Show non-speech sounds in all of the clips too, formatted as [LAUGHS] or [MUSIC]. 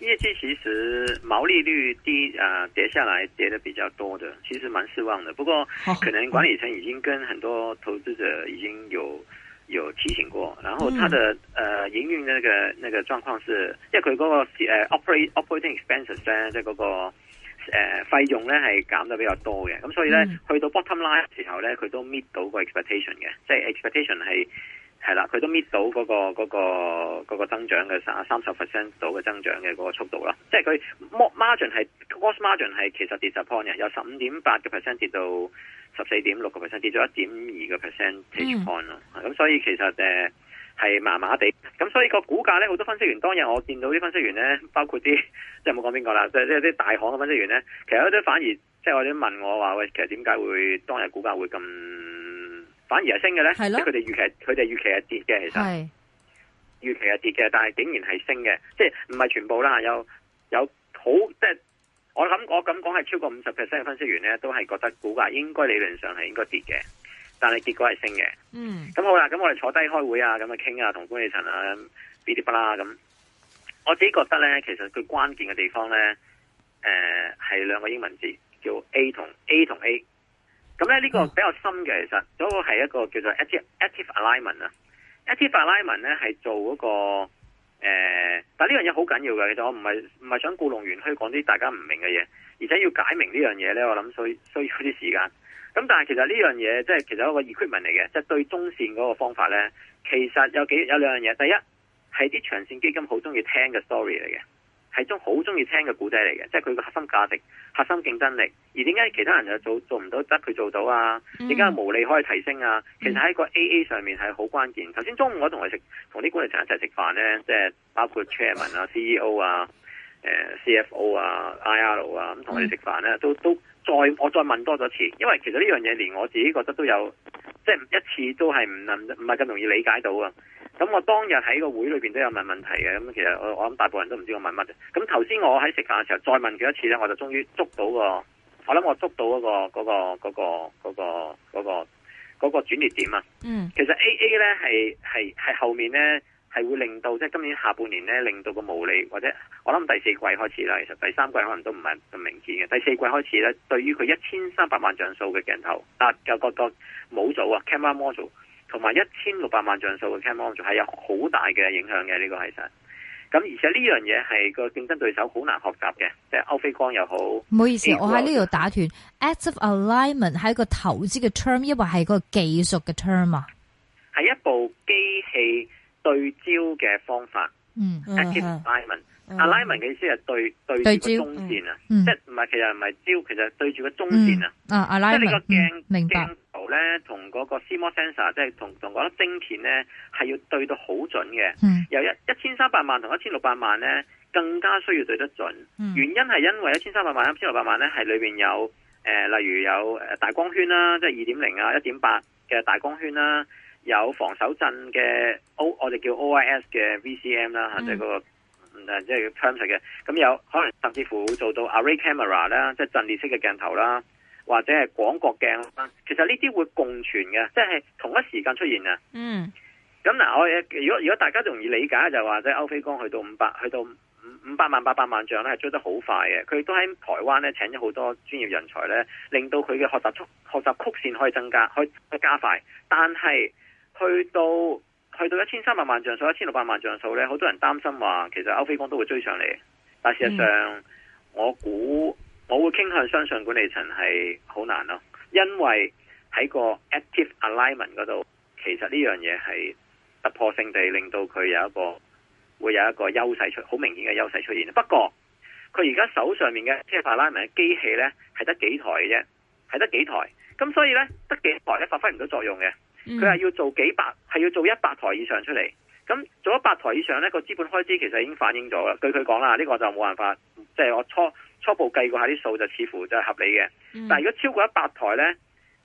業績其實毛利率低啊，跌下來跌得比較多的，其實蠻失望的。不過可能管理層已經跟很多投資者已經有有提醒過，然後它的、嗯、呃營運那個那個狀況是，因為佢嗰個誒 operate operating expenses 咧、那個，即係嗰個誒費用咧係減得比較多嘅。咁所以咧、嗯、去到 bottom line 時候咧，佢都 meet 到個 expectation 嘅，即係 expectation 係。係啦，佢都搣到嗰、嗰個、嗰個、嗰個增長嘅三三十 percent 到嘅增長嘅嗰個速度啦，即係佢 margin 係 gross、mm. margin 係其實跌 support 嘅，由十五點八個 percent 跌到十四點六個 percent 跌咗一點二個 percent。percent 咯，咁、mm. 嗯、所以其實誒係麻麻地，咁所以個股價咧好多分析員當日我見到啲分析員咧，包括啲即係冇講邊個啦，即係即係啲大行嘅分析員咧，其實都反而即係、就是、我啲問我話喂，其實點解會當日股價會咁？反而係升嘅咧，即係佢哋預期佢哋預期係跌嘅，其實預期係跌嘅，但係竟然係升嘅，即係唔係全部啦，有有好即係我諗我咁講係超過五十 percent 嘅分析員咧，都係覺得股價應該理論上係應該跌嘅，但係結果係升嘅。嗯，咁好啦，咁我哋坐低開會啊，咁啊傾啊，同管理層啊，嗶啲吧啦咁。我自己覺得咧，其實佢關鍵嘅地方咧，誒係兩個英文字，叫 A 同 A 同 A。咁咧呢個比較深嘅，其實嗰個係一個叫做 Active Active Alignment 啊。Active Alignment 咧係做嗰、那個誒、呃，但呢樣嘢好緊要嘅。其實我唔係唔係想故弄玄虛講啲大家唔明嘅嘢，而且要解明呢樣嘢咧，我諗需需要啲時間。咁但係其實呢樣嘢即係其實一個 equipment 嚟嘅，即、就、係、是、對中線嗰個方法咧，其實有幾有兩樣嘢。第一係啲長線基金好中意聽嘅 story 嚟嘅。係種好中意聽嘅古仔嚟嘅，即係佢個核心價值、核心競爭力。而點解其他人又做做唔到，得佢做到啊？點解毛利可以提升啊？其實喺個 A A 上面係好關鍵。頭先中午我同佢食，同啲管理層一齊食飯咧，即係包括 Chairman 啊、C E O 啊、誒、呃、C F O 啊、I R 啊，咁同佢哋食飯咧，都都再我再問多咗次，因為其實呢樣嘢連我自己覺得都有，即係一次都係唔能唔係咁容易理解到啊。咁我當日喺個會裏面都有問問題嘅，咁其實我我諗大部分人都唔知我問乜。咁頭先我喺食飯嘅時候再問佢一次咧，我就終於捉到個，我諗我捉到嗰、嗰個嗰、嗰個嗰、嗰個嗰、嗰個嗰、嗰個嗰、嗰個轉捩點啊。嗯，其實 A A 咧係係係後面咧係會令到即係、即係、今年下半年咧令到個毛利或者我諗第四季開始啦。其實第三季可能都唔係咁明顯嘅，第四季開始咧，對於佢一千三百萬像素嘅鏡頭啊，嗰個、嗰個個冇做啊，camera 模組。同埋一千六百萬像素嘅 camera 仲係有好大嘅影響嘅，呢個係實。咁而且呢樣嘢係個競爭對手好難學習嘅，即係歐菲光又好。唔好意思，我喺呢度打斷，Active alignment 係一個投資嘅 term，抑或係個技術嘅 term 啊？係一部機器對焦嘅方法。嗯 alignment、啊啊啊、alignment alignment 嘅意思係對、嗯、對住個中線啊，嗯嗯、即係唔係其實唔係焦，其實是對住個中線啊。嗯、啊 alignment 即係你個鏡鏡、嗯、頭咧，同嗰個 CMOS sensor，即係同同嗰粒晶片咧，係要對到好準嘅、嗯。由一一千三百萬同一千六百萬咧，更加需要對得準。嗯、原因係因為一千三百萬,萬、一千六百萬咧，係裏邊有誒，例如有誒大光圈啦、啊，即係二點零啊、一點八嘅大光圈啦、啊。有防手震嘅 O，我哋叫 OIS 嘅 VCM 啦，即係嗰個，即係嘅。咁、就是、有可能甚至乎做到 array camera 啦，即係陣列式嘅鏡頭啦，或者係廣角鏡啦。其實呢啲會共存嘅，即、就、係、是、同一時間出現嘅。嗯。咁嗱，我如果如果大家容易理解，就係、是、話，即、就、係、是、歐菲光去到五百，去到五五百萬、八百萬像咧，係追得好快嘅。佢都喺台灣咧請咗好多專業人才咧，令到佢嘅學習曲學習曲線可以增加，可以加快。但係，去到去到一千三百萬像素，一千六百萬像素呢，呢好多人擔心話，其實歐菲光都會追上嚟。但事實上，嗯、我估我會傾向相信管理層係好難咯，因為喺個 active alignment 度，其實呢樣嘢係突破性地令到佢有一個會有一個優勢出，好明顯嘅優勢出現。不過佢而家手上面嘅即係 alignment 機器咧，係得幾台嘅啫，係得幾台，咁所以咧得幾台咧發揮唔到作用嘅。佢係要做幾百，係要做一百台以上出嚟。咁做一百台以上呢個資本開支其實已經反映咗啦。據佢講啦，呢個就冇辦法，即係我初初步計過一下啲數，就似乎就係合理嘅。但係如果超過一百台呢，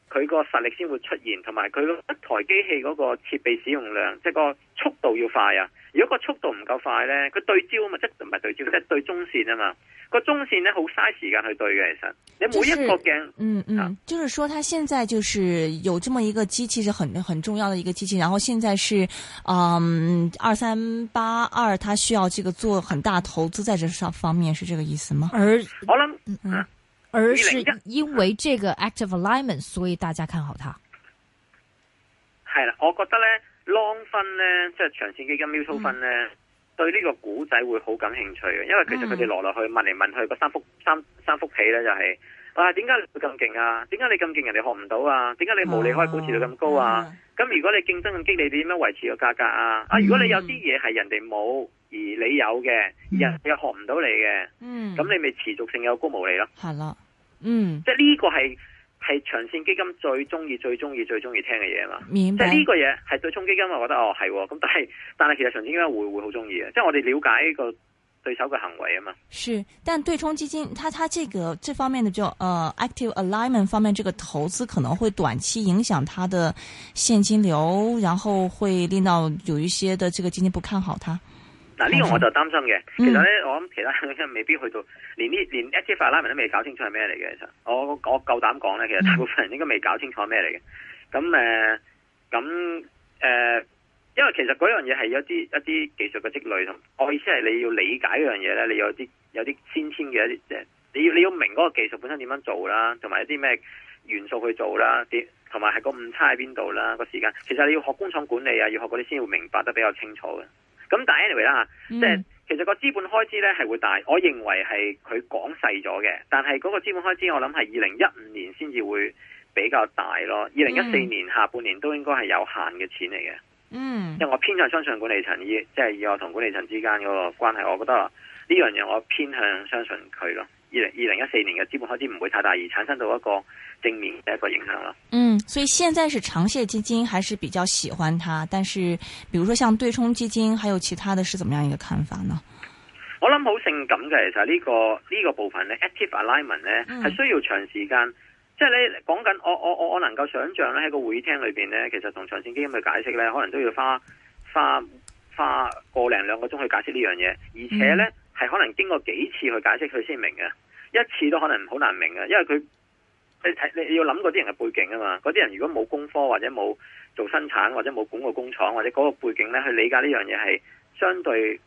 佢個實力先會出現，同埋佢個一台機器嗰個設備使用量，即係個速度要快啊。如果個速度唔夠快咧，佢對焦啊嘛，即係唔係對焦，即係對中線啊嘛。個中線咧好嘥時間去對嘅，其實你每一個鏡，就是，嗯嗯，就是說，他現在就是有這麼一個機器，是很很重要的一個機器。然後現在是，嗯，二三八二，他需要這個做很大投資在這上方面，是這個意思嗎？而我諗，嗯，而是因為這個 active alignment，嗯，所以大家看好它。係啦，我覺得咧。Long 分咧，即係長線基金，mutual 分咧，對呢個股仔會好感興趣嘅，因為其實佢哋落落去問嚟問去，個三幅三三幅起咧就係、是，啊，點解你咁勁啊？點解你咁勁？人哋學唔到啊？點解你無理可以保持到咁高啊？咁、啊啊、如果你競爭咁激烈，你點樣維持個價格啊、嗯？啊，如果你有啲嘢係人哋冇而你有嘅，而人又學唔到你嘅，咁、嗯啊嗯、你咪持續性有高無利咯。係啦，嗯，即係呢個係。係長線基金最中意、最中意、最中意聽嘅嘢嘛，即係呢個嘢係對沖基金，我覺得哦係咁、哦，但係但係其實長線基金會會好中意嘅，即係我哋了解呢個對手嘅行為啊嘛。是，但對沖基金，它它這個這方面的就，呃，active alignment 方面，這個投資可能會短期影響它的現金流，然後會令到有一些的這個基金不看好它。嗱、這、呢個我就擔心嘅，其實咧我諗其他即係未必去到連呢連 Active Alignment，都未搞清楚係咩嚟嘅。其實我我夠膽講咧，其實大部分人應該未搞清楚係咩嚟嘅。咁誒，咁、呃、誒、呃，因為其實嗰樣嘢係一啲一啲技術嘅積累同，我意思係你要理解嗰樣嘢咧，你有啲有啲先天嘅一啲即係你要你要明嗰個技術本身點樣做啦，同埋一啲咩元素去做啦，啲同埋係個誤差喺邊度啦，個時間。其實你要學工廠管理啊，要學嗰啲先會明白得比較清楚嘅。咁但係 anyway 啦，即係其實個資本開支咧係會大，我認為係佢講細咗嘅，但係嗰個資本開支我諗係二零一五年先至會比較大咯，二零一四年下半年都應該係有限嘅錢嚟嘅。嗯，因為我偏向相信管理層，依即係以我同管理層之間嗰個關係，我覺得呢樣嘢，我偏向相信佢咯。二零二零一四年嘅資本開支唔會太大，而產生到一個正面嘅一個影響咯，嗯，所以現在是長線基金還是比較喜歡它，但是，比如說像對沖基金，還有其他的，是怎麼樣一個看法呢？我諗好性感嘅，其實呢個呢個部分呢 active alignment 呢係、嗯、需要長時間，即係你講緊我我我我能夠想象咧喺個會議廳裏邊呢，其實同長線基金去解釋呢，可能都要花花花個零兩個鐘去解釋呢樣嘢，而且呢。嗯係可能經過幾次去解釋佢先明嘅，一次都可能好難明嘅，因為佢你睇你要諗嗰啲人嘅背景啊嘛，嗰啲人如果冇工科或者冇做生產或者冇管過工廠或者嗰個背景咧，去理解呢樣嘢係相對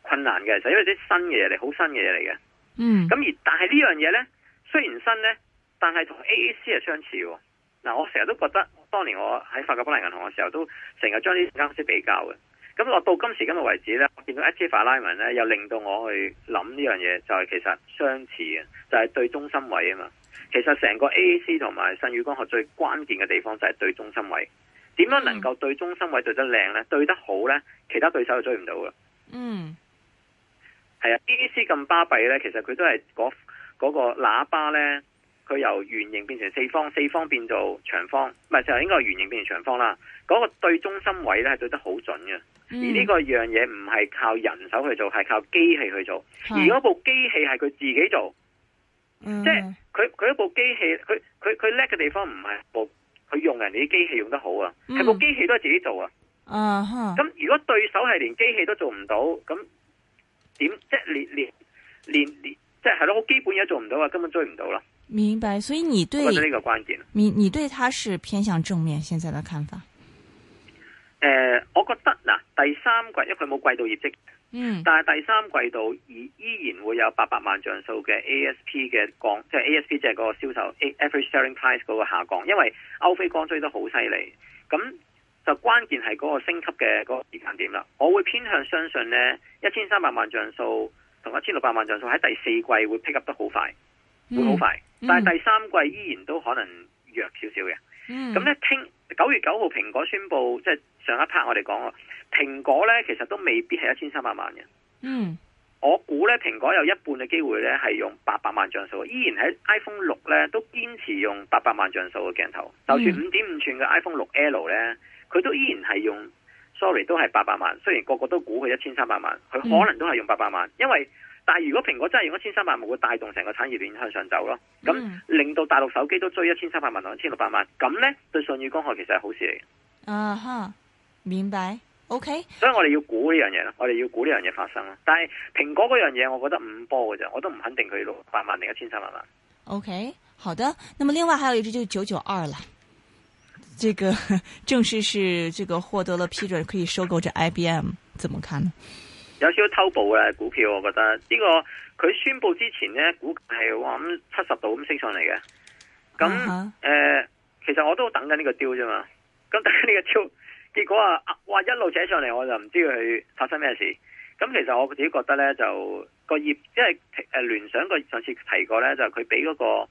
困難嘅，就是、因為啲新嘅嘢嚟，好新嘅嘢嚟嘅。嗯，咁而但係呢樣嘢咧，雖然新咧，但係同 A A C 係相似。嗱、啊，我成日都覺得當年我喺法國巴黎銀行嘅時候，都成日將啲公司比較嘅。咁落到今時今日為止呢，我見到 Active alignment 呢，又令到我去諗呢樣嘢，就係、是、其實相似嘅，就係、是、對中心位啊嘛。其實成個 AAC 同埋舜宇光學最關鍵嘅地方就係對中心位。點樣能夠對中心位對得靚呢？對得好呢，其他對手就追唔到㗎。嗯，係啊，AAC 咁巴閉呢，其實佢都係嗰個個喇叭呢。佢由圓形變成四方，四方變做長方，唔係就係應該係圓形變成長方啦。嗰、嗰個對中心位咧係對得好準嘅、嗯，而呢個樣嘢唔係靠人手去做，係靠機器去做。嗯、而嗰部機器係佢自己做，嗯、即係佢佢一部機器，佢佢佢叻嘅地方唔係部，佢用人哋啲機器用得好啊，係、嗯、部機器都係自己做啊。咁、嗯、如果對手係連機器都做唔到，咁點即係連連連連即係係咯，我基本嘢做唔到啊，根本追唔到啦。明白，所以你對呢個關鍵，明你對他是偏向正面現在的看法。誒、呃，我覺得嗱，第三季因為佢冇季度業績，嗯，但係第三季度而依然會有八百萬像素嘅 ASP 嘅降，即係 ASP 即係嗰個銷售 average selling price 嗰個下降，因為歐菲光追得好犀利，咁就關鍵係嗰個升級嘅嗰個時間點啦。我會偏向相信呢一千三百萬像素同一千六百萬像素喺第四季會 pick up 得好快。會好快，嗯嗯、但係第三季依然都可能弱少少嘅。咁咧聽九月九號蘋果宣佈，即係上一 part 我哋講，蘋果咧其實都未必係一千三百萬嘅。嗯，我估咧蘋果有一半嘅機會咧係用八百萬像素，依然喺 iPhone 六咧都堅持用八百萬像素嘅鏡頭，就算五點五寸嘅 iPhone 六 L 咧，佢都依然係用，sorry 都係八百萬。雖然個個都估佢一千三百萬，佢可能都係用八百萬，因為。但係如果蘋果真係用一千三百萬，會帶動成個產業鏈向上走咯。咁、嗯、令到大陸手機都追一千三百萬同一千六百萬，咁呢對舜宇光學其實係好事嚟嘅。啊哈，明白。OK，所以我哋要估呢樣嘢咯，我哋要估呢樣嘢發生。但係蘋果嗰樣嘢，我覺得五波嘅啫，我都唔肯定佢六百萬定一千三百萬。OK，好的。那麼另外還有一隻就九九二啦，這個正式是這個獲得了批准可以收購這 IBM，怎麼看呢？有少少偷步嘅股票，我覺得呢個佢宣布之前呢，股價係哇咁七十度咁升上嚟嘅。咁誒、uh -huh. 呃，其實我都等緊呢個調啫嘛。咁等緊呢個調結果啊，哇一路扯上嚟，我就唔知佢發生咩事。咁其實我自己覺得呢，就個業即係誒聯想個上次提過呢，就佢俾嗰個誒、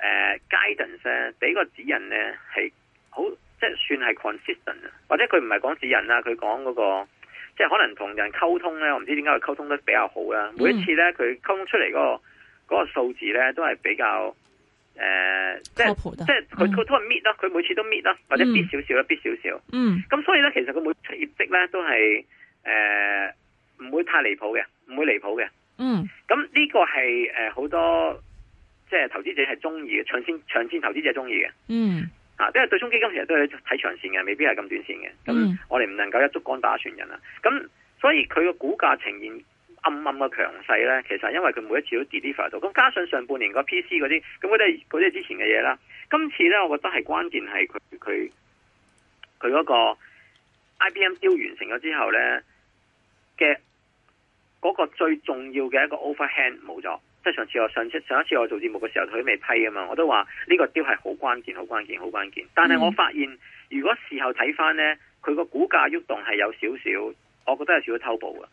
呃、guidance 咧，俾個指引呢，係好即係算係 consistent 或者佢唔係講指引啦，佢講嗰個。即係可能同人溝通咧，我唔知點解佢溝通得比較好啦。每一次咧，佢溝通出嚟嗰個個數字咧、嗯呃嗯，都係比較誒，即係即係佢佢都係 meet 啦，佢每次都 meet 啦，或者 beat 少少啦，beat 少少。嗯。咁所以咧，其實佢每出業績咧，都係誒唔會太離譜嘅，唔會離譜嘅。嗯。咁呢個係誒好多即係投資者係中意嘅，長線長線投資者中意嘅。嗯。啊！因為對沖基金其實都係睇長線嘅，未必係咁短線嘅。咁我哋唔能夠一竹篙打一船人啦。咁所以佢個股價呈現暗暗嘅強勢咧，其實係因為佢每一次都 deliver 到。咁加上上半年個 PC 嗰啲，咁嗰啲啲之前嘅嘢啦。今次咧，我覺得係關鍵係佢佢佢嗰個 IBM deal 完成咗之後咧嘅嗰個最重要嘅一個 overhang 冇咗。上次我上次上一次我做節目嘅時候佢未批啊嘛，我都話呢個標係好關鍵、好關鍵、好關鍵。但係我發現、嗯、如果事後睇翻呢，佢個股價喐動係有少少，我覺得有少少偷步啊。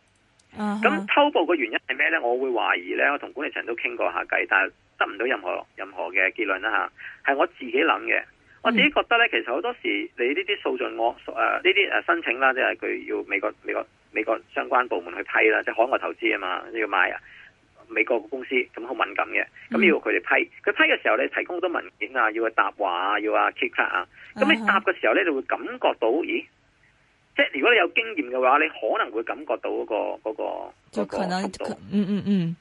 咁偷步嘅原因係咩呢？我會懷疑呢，我同管理層都傾過一下計，但係得唔到任何任何嘅結論啦吓。係我自己諗嘅，我自己覺得呢，其實好多時候你呢啲訴訟我誒呢啲誒申請啦，即係佢要美國美國美國相關部門去批啦，即係海外投資啊嘛，呢要買啊。美國嘅公司咁好敏感嘅，咁要佢哋批，佢批嘅時候你提供好多文件啊，要個答話啊，要啊 check 啊，咁你答嘅時候咧，就會感覺到，uh -huh. 咦，即係如果你有經驗嘅話，你可能會感覺到嗰個嗰個，有、那個、可能，那個、嗯嗯嗯，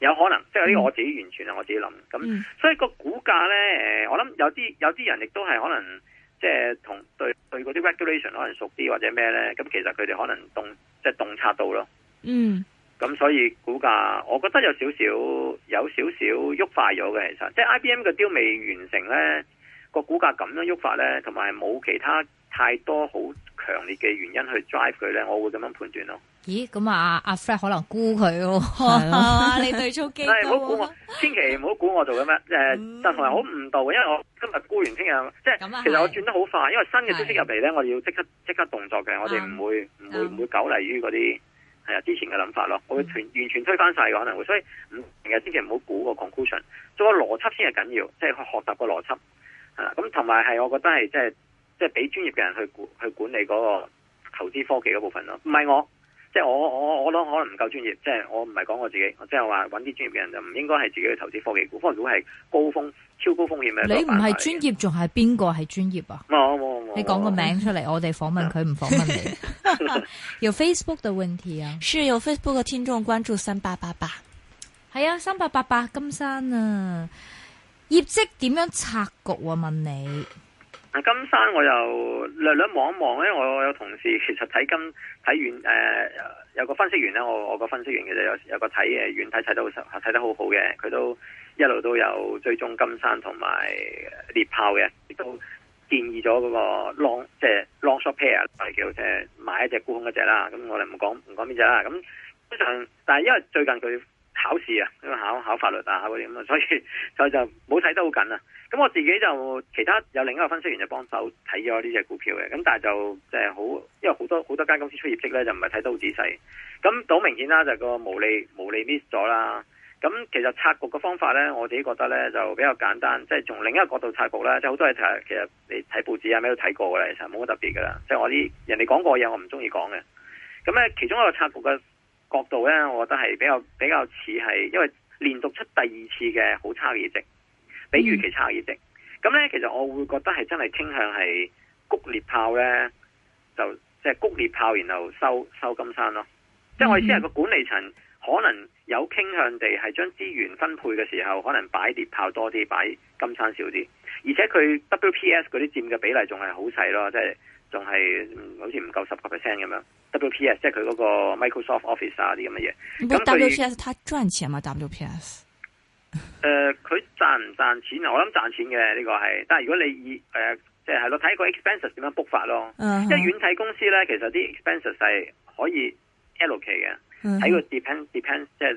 有可能，即係呢個我自己完全係、嗯、我自己諗，咁、嗯，所以個股價咧，誒，我諗有啲有啲人亦都係可能，即係同對對嗰啲 regulation 可能熟啲或者咩咧，咁其實佢哋可能洞即係洞察到咯，嗯。咁所以股價，我覺得有少少有少少喐快咗嘅。其實即係 I B M 嘅雕未完成咧，個股價咁樣喐法咧，同埋冇其他太多好強烈嘅原因去 drive 佢咧，我會咁樣判斷咯。咦，咁啊，阿、啊、Fred 可能估佢咯， [LAUGHS] 你對、啊、但係唔好估我，千祈唔好估我做咁樣。誒、 [LAUGHS] 呃，但係好誤導，因為我今日估完，聽日即係，其實我轉得好快，因為新嘅消息入嚟咧，我要即刻即刻動作嘅，我哋唔會唔、嗯、會唔、嗯、會久利於嗰啲。係啊，之前嘅諗法咯，我會全完全推翻晒嘅可能會，所以唔日千祈唔好估個 conclusion，做個邏輯先係緊要，即係去學習個邏輯。啊，咁同埋係我覺得係即係即係俾專業嘅人去管去管理嗰個投資科技嗰部分咯。唔係我，即係我我我諗可能唔夠專業，即係我唔係講我自己，即係話揾啲專業嘅人就唔應該係自己去投資科技股。可能如果係高風超高風險，你唔係專業仲係邊個係專業啊？你講個名出嚟，我哋訪問佢，唔訪問你。 [LAUGHS] [LAUGHS] 有 Facebook 的問題啊？是有 Facebook 嘅聽眾關注三八八八，係啊，三八八八金山啊，業績點樣拆局啊？我問你。金山我又略略望一望咧，因為我有同事其實睇金睇完誒，有個分析員咧，我我個分析員其實有有個睇嘅，遠睇睇得，得好，睇得好好嘅，佢都一路都有追蹤金山同埋獵豹嘅，亦都。建議咗嗰個 long，即係 long short pair，係叫誒買一隻沽空一隻啦。咁我哋唔講唔講邊隻啦。咁通常，但係因為最近佢考試啊，因為考考法律啊，考嗰啲咁啊，所以所以就冇睇得好緊啊。咁我自己就其他有另一個分析員就幫手睇咗呢隻股票嘅。咁但係就即係好，因為好多好多間公司出業績咧，就唔係睇得好仔細。咁好明顯啦，就個無利無利 miss 咗啦。咁其實拆局嘅方法呢，我自己覺得呢就比較簡單，即係從另一個角度拆局呢，即係好多嘢其實你睇報紙啊咩都睇過嘅啦，其實冇乜特別嘅啦。即係我啲人哋講過嘢，我唔中意講嘅。咁呢，其中一個拆局嘅角度呢，我覺得係比較比較似係，因為連續出第二次嘅好差嘅業績，比預期差嘅業績。咁呢，其實我會覺得係真係傾向係谷裂炮呢，就即係谷裂炮，然後收收金山咯。即係我意思係個管理層。可能有傾向地係將資源分配嘅時候，可能擺碟炮多啲，擺金餐少啲。而且佢 WPS 嗰啲佔嘅比例仲係好細咯，即係仲係好似唔夠十個 percent 咁樣。WPS 即係佢嗰個 Microsoft Office 啊啲咁嘅嘢。咁 WPS 佢賺錢嘛？WPS？誒，佢賺唔賺錢啊？我諗賺錢嘅呢、呢個係，但係如果你以誒，即係係咯，睇、呃就是、個 expenses 點樣 book 法咯。嗯、即係軟體公司咧，其實啲 expenses 係係可以 allocate 嘅。喺個 [MUSIC] depend depend 即係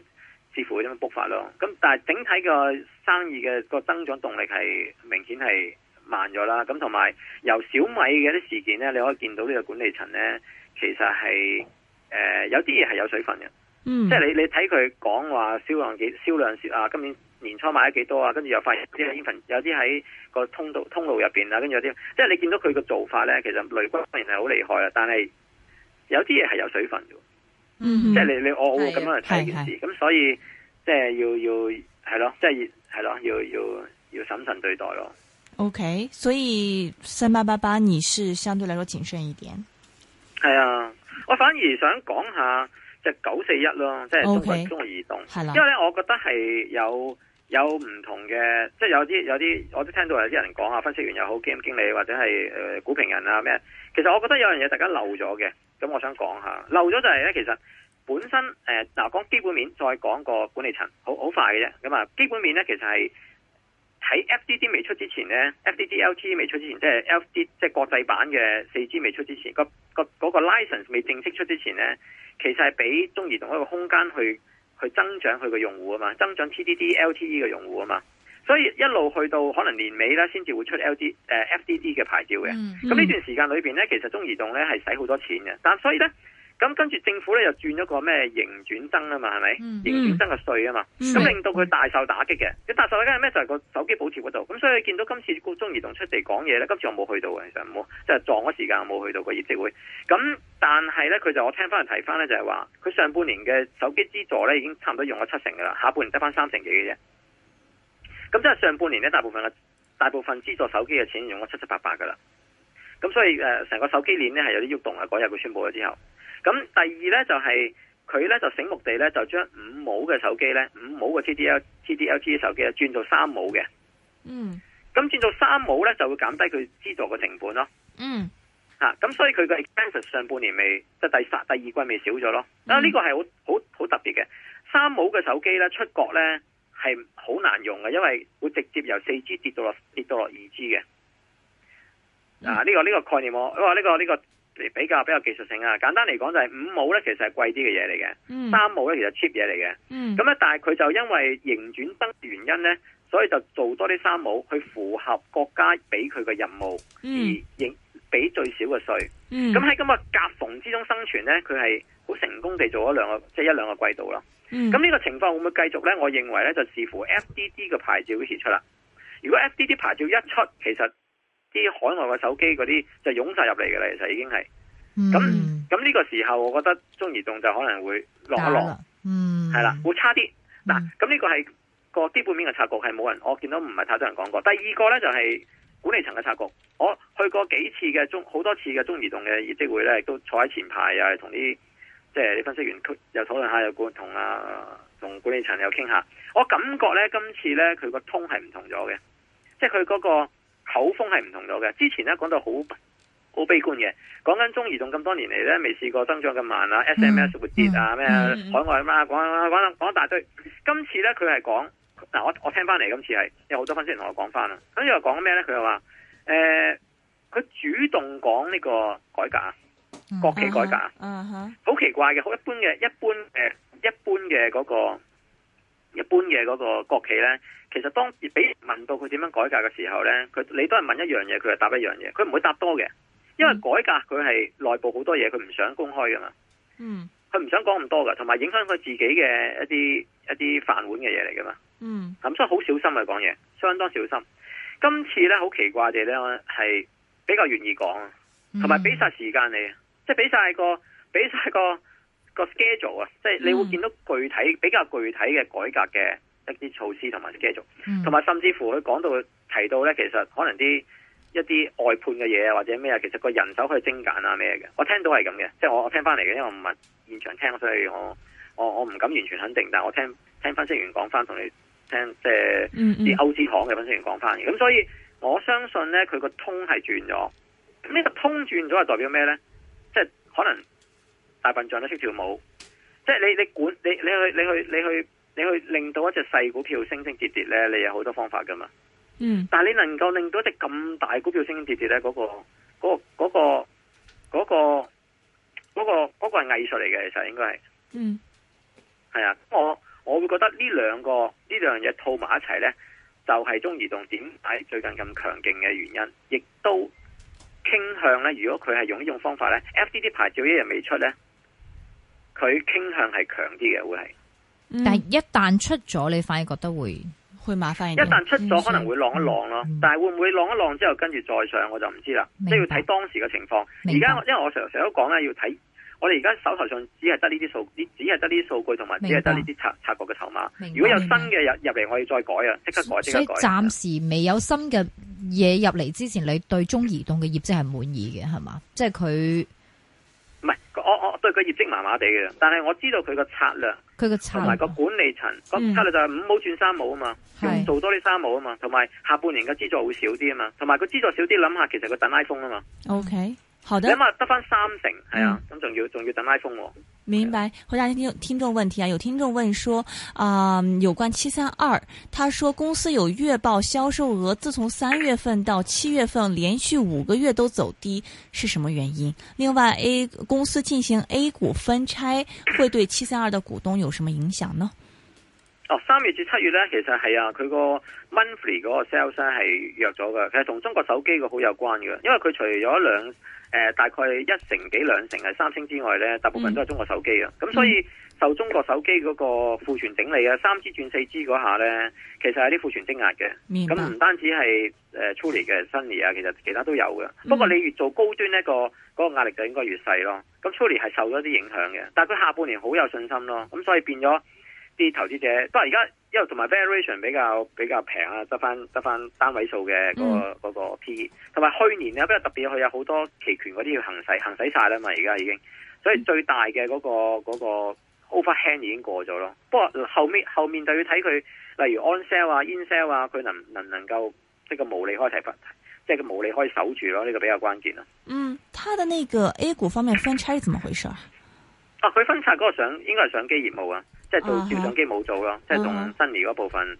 似乎會點樣爆發咯，咁但係整體個生意嘅、個增長動力係明顯係慢咗啦，咁同埋由小米嘅啲事件咧，你可以見到呢個管理層咧，其實係誒、呃、有啲嘢係有水分嘅， [MUSIC] 即係你你睇佢講話銷量幾銷量啊，今年年初賣咗幾多啊，跟住又發現有啲喺個通道通路入邊啊，跟住有啲即係你見到佢嘅做法咧，其實雷軍固然係好厲害啊，但係有啲嘢係有水分嘅。嗯，即、就、係、是、你你我我會咁樣去睇件事，咁所以即係、就是、要要係咯，即係係咯，要要要審慎對待咯。O、okay, K，所以三八八八你是相對嚟講謹慎一點。係啊，我反而想講下即係九四一咯，即、就、係、是、中國、okay, 中國移動，係啦，因為咧我覺得係有。有唔同嘅，即係有啲有啲，我都聽到有啲人講啊，分析員又好，基金經理或者係誒、呃、股評人啊咩？其實我覺得有樣嘢大家漏咗嘅，咁我想講下，漏咗就係呢，其實本身誒、嗱、呃、講基本面，再講個管理層，好好快嘅啫。咁、嗯、啊，基本面呢，其實係喺 FDD 未出之前呢 FDD LT 未出之前，即係 FD 即係國際版嘅 4G 未出之前，那個個嗰 license 未正式出之前呢，其實係俾中移動一個空間去。去增長佢嘅用戶啊嘛，增長 TDD、LTE 嘅用戶啊嘛，所以一路去到可能年尾咧，先至會出 L D 誒、呃、FDD 嘅牌照嘅。Mm-hmm. 咁呢段時間裏邊咧，其實中移動咧係使好多錢嘅，但係所以咧。咁跟住政府咧又轉咗個咩？營轉增啊嘛，係咪？營轉增嘅稅啊嘛，咁、mm -hmm. 令到佢大受打擊嘅。佢大受打擊係咩？就係、是、個手機補貼嗰度。咁所以見到今次國中移動出嚟講嘢咧，今次我冇去到啊，其實冇，就是、撞咗時間冇去到個業績會。咁但係咧，佢就我聽翻嚟提翻咧，就係話佢上半年嘅手機資助咧已經差唔多用咗七成嘅啦，下半年得翻三成幾嘅啫。咁即係上半年咧，大部分嘅大部分資助手機嘅錢用咗七七八八嘅啦。咁所以誒，成、呃、個手機鏈咧係有啲喐動啊！嗰日佢宣布咗之後。咁第二咧就係佢咧就醒目地咧就將五模嘅手機咧五模嘅 TD-LTE 嘅手機啊轉做三模嘅，嗯，咁轉做三模咧就會減低佢資助嘅成本咯，嗯，吓、啊、咁所以佢嘅 expense 上半年未即係第第二季未少咗咯，嗯、啊呢、呢個係好好好特別嘅三模嘅手機咧出國咧係好難用嘅，因為會直接由四 G 跌到落跌到落二 G 嘅，啊呢、呢個呢、呢個概念我話呢個呢個。呢個嚟比較比較技術性啊！簡單嚟講就係五模咧，其實係貴啲嘅嘢嚟嘅；三模咧，其實 cheap 嘢嚟嘅。咁、嗯、咧，但係佢就因為營轉增原因咧，所以就做多啲三模去符合國家俾佢嘅任務，嗯、而影俾最少嘅稅。咁喺咁嘅夾縫之中生存咧，佢係好成功地做咗兩個，即、就、係、是、一兩個季度咯。咁、嗯、呢個情況會唔會繼續咧？我認為咧，就視乎 FDD 嘅牌照幾時出啦。如果 FDD 牌照一出，其實，啲海外嘅手機嗰啲就湧晒入嚟嘅啦，其實已經係咁咁，呢個時候，我覺得中移動就可能會落一落，嗯，係啦，會差啲嗱。咁、嗯、呢個係個基本面嘅察覺係冇人，我見到唔係太多人講過。第二個咧就係、是、管理層嘅察覺，我去過幾次嘅中好多次嘅中移動嘅業績會咧，都坐喺前排啊，同啲即係你分析員，佢又討論下，又管同啊同管理層又傾下。我感覺咧今次咧佢個通係唔同咗嘅，即係佢嗰個。口風係唔同咗嘅，之前咧講到好好悲觀嘅，講緊中移動咁多年嚟咧，未試過增長咁慢啊，SMS 會跌啊，咩、嗯嗯、海外啊，講講講講一大堆。今次咧佢係講嗱，我我聽翻嚟今次係有好多分析人同我講翻啊。咁又講咩咧？佢又話誒，佢、呃、主動講呢個改革，國企改革，嗯好、嗯嗯、奇怪嘅，好一般嘅，一般誒，一般嘅嗰、呃那個。一般嘅嗰個國企呢，其實當俾問到佢點樣改革嘅時候呢，佢你都係問一樣嘢，佢就答一樣嘢，佢唔會答多嘅，因為改革佢係內部好多嘢，佢唔想公開噶嘛。嗯，佢唔想講咁多噶，同埋影響佢自己嘅一啲一啲飯碗嘅嘢嚟噶嘛。嗯，咁、嗯、所以好小心嚟講嘢，相當小心。今次呢，好奇怪哋呢，係比較願意講，同埋俾晒時間你，即係俾晒個，俾晒個。個 schedule 啊，即係你會見到具體、嗯、比較具體嘅改革嘅一啲措施同埋 schedule，同、嗯、埋甚至乎佢講到提到咧，其實可能啲一啲外判嘅嘢或者咩啊，其實個人手可以精簡啊咩嘅。我聽到係咁嘅，即係我我聽翻嚟嘅，因為我唔係現場聽，所以我我我唔敢完全肯定，但係我聽聽分析員講翻同你聽，即係啲歐資行嘅分析員講翻嘅。咁、嗯嗯、所以我相信咧，佢個通係轉咗。咁呢個通轉咗係代表咩咧？即係可能。大笨象都識跳舞，即係你你管你你去你去你去，你去，你，去你去令到一隻細股票升升跌跌咧，你有好多方法噶嘛。嗯。但係你能夠令到一隻咁大的股票升升跌跌咧，嗰、嗰個、嗰個嗰、嗰個嗰、嗰個嗰、嗰個嗰、嗰個係藝術嚟嘅，其、那、實、個、應該係。嗯。係啊，我我會覺得兩兩呢兩個呢兩樣嘢套埋一齊咧，就係、是、中移動點解最近咁強勁嘅原因，亦都傾向咧。如果佢係用呢種方法咧，FDD 牌照一日未出咧。佢傾向係強啲嘅會係、嗯，但係一旦出咗，你反而覺得會會麻煩。一旦出咗，可能會晾一晾咯、嗯，但係會唔會晾一晾之後跟住再上，我就唔知啦。即係要睇當時嘅情況。而家因為我成成日都講咧，要睇我哋而家手頭上只係得呢啲數，只數只係得呢啲數據，同埋只係得呢啲拆拆過嘅籌碼。如果有新嘅入入嚟，我要再改啊，即刻改，即刻改。所以暫時未有新嘅嘢入嚟之前，你對中移動嘅業績係滿意嘅係嘛？即係佢。所以佢業績麻麻哋嘅，但係我知道佢個策略，佢個同埋個管理層個、嗯、策略就係五毛轉三毛啊嘛，用做多啲三毛啊嘛，同埋下半年嘅資助會少啲啊嘛，同埋個資助少啲，諗下其實佢等 iPhone 啊嘛。OK。好的咁啊，得翻三成，係啊，咁、嗯、仲要仲要等 iPhone、哦啊。明白，回到，聽聽聽眾問題啊，有聽眾問說，啊、呃，有關七三二，他說公司有月報銷售額，自從三月份到七月份連續五個月都走低，是什麼原因？另外，A 公司進行 A 股分拆，會對七三二的股東有什麼影響呢？哦，三月至七月咧，其實係啊，佢個 monthly 嗰個 sales 咧、啊、係弱咗嘅。其實同中國手機個好有關嘅，因為佢除咗兩誒，大概一成幾兩成係三星之外咧，大部分都係中國手機啊。咁、嗯、所以、嗯、受中國手機嗰個庫存整理啊，三 G 轉四 G 嗰下咧，其實係啲庫存積壓嘅。咁唔單止係誒，Truly 嘅，Sunny 啊，其實其他都有嘅、嗯。不過你越做高端呢、那個嗰、那個壓力就應該越細咯。咁 Truly 係受咗啲影響嘅，但係佢下半年好有信心咯。咁所以變咗。啲投資者，不過而家因為同埋 variation 比較比較平啊，得翻得翻單位數嘅嗰個、嗯那個 PE，同埋去年咧比較特別，佢有好多期權嗰啲要行使行使晒啦嘛，而家已經，所以最大嘅嗰、那個、那個 overhang 已經過咗咯。不過後面後面就要睇佢，例如 on sale 啊，in sale 啊，佢、啊、能能唔能夠即個毛利開提法，即個毛利開守住咯，呢、這個比較關鍵啦。嗯，他的那個 A 股方面分拆是怎麼回事啊？哦、啊，佢分拆嗰個相應該係相機業務啊。即係做攝像機冇做咯，即係仲新嚟嗰部分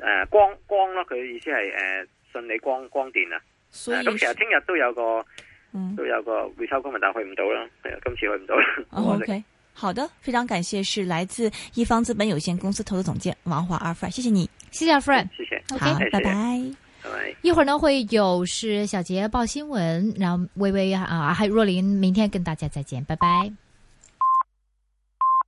誒光光咯，佢意思係誒順利光光電啊。咁、啊、其實聽日都有個、嗯、都有個回收工份，但去唔到啦。係啊，今次去唔到。啊、 [LAUGHS] o、okay、K，好的，非常感謝，是來自易方資本有限公司投資總監王華阿 Frank 謝謝你，謝謝阿 Frank 謝謝。Okay, 好，拜拜，拜拜，一會兒呢會有是小杰報新聞，然後微微啊，還有若琳，明天跟大家再見，拜拜。